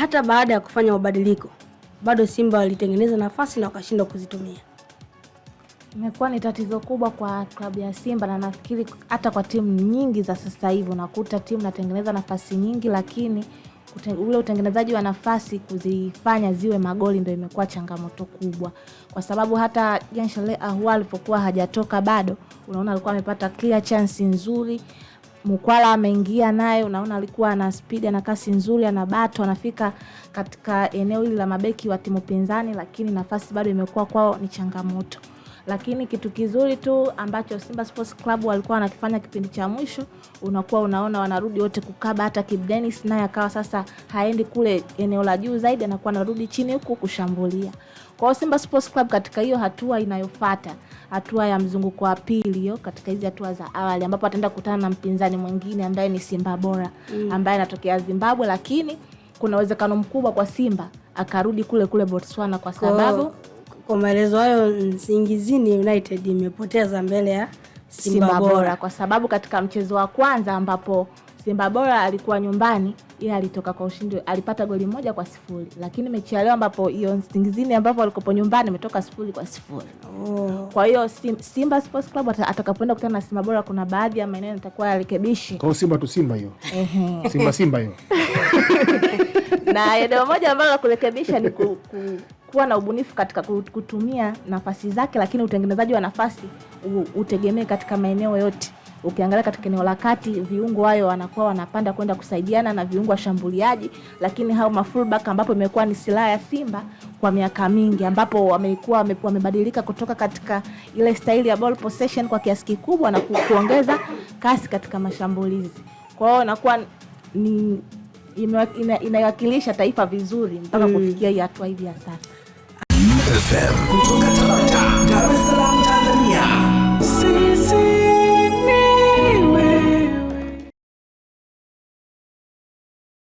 Hata baada ya kufanya mabadiliko, bado Simba walitengeneza nafasi na wakashindwa kuzitumia. Imekuwa ni tatizo kubwa kwa klabu ya Simba na nafikiri hata kwa timu nyingi za sasa hivi unakuta timu natengeneza nafasi nyingi, lakini ule utengenezaji wa nafasi kuzifanya ziwe magoli ndo imekuwa changamoto kubwa, kwa sababu hata Jean Charles Ahoua alipokuwa hajatoka bado, unaona alikuwa amepata clear chance nzuri mkwala ameingia naye, unaona alikuwa ana spidi, ana kasi nzuri, ana bato, anafika katika eneo hili la mabeki wa timu pinzani, lakini nafasi bado imekuwa kwao ni changamoto. Lakini kitu kizuri tu ambacho Simba Sports Club walikuwa wanakifanya kipindi cha mwisho, unakuwa unaona wanarudi wote kukaba, hata Kibu Denis naye akawa sasa haendi kule eneo la juu zaidi, anakuwa anarudi chini huku kushambulia. Kwa hiyo Simba Sports Club katika hiyo hatua inayofuata, hatua ya mzunguko wa pili hiyo, katika hizi hatua za awali, ambapo ataenda kukutana na mpinzani mwingine ambaye ni Simba Bora mm, ambaye anatokea Zimbabwe, lakini kuna uwezekano mkubwa kwa Simba akarudi kule kule Botswana kwa sababu oh. Kwa maelezo hayo, Nsingizini United imepoteza mbele ya Simba, Bora kwa sababu katika mchezo wa kwanza ambapo Simba Bora alikuwa nyumbani ila alitoka kwa ushindi, alipata goli moja kwa sifuri, lakini mechi ya leo ambapo hiyo Nsingizini ambapo alikopo nyumbani ametoka sifuri kwa sifuri. Oh. Kwa hiyo Simba Sports Club atakapoenda kukutana na Simba Bora kuna baadhi ya maeneo yatakuwa yarekebishi. Kwa Simba tu Simba hiyo. Simba Simba hiyo. Na eneo moja ambalo la kurekebisha ni ku, ku kuwa na ubunifu katika kutumia nafasi zake, lakini utengenezaji wa nafasi utegemee katika maeneo yote. Ukiangalia katika eneo la kati, viungo hayo wanakuwa wanapanda kwenda kusaidiana na viungo washambuliaji, lakini hao mafullback, ambapo imekuwa ni silaha ya Simba kwa miaka mingi, ambapo wamekuwa wamebadilika kutoka katika ile staili ya ball possession kwa kiasi kikubwa na kuongeza kasi katika mashambulizi. Kwa hiyo nakuwa ni inawakilisha taifa vizuri mpaka mm. kufikia hii hatua hivi ya sasa.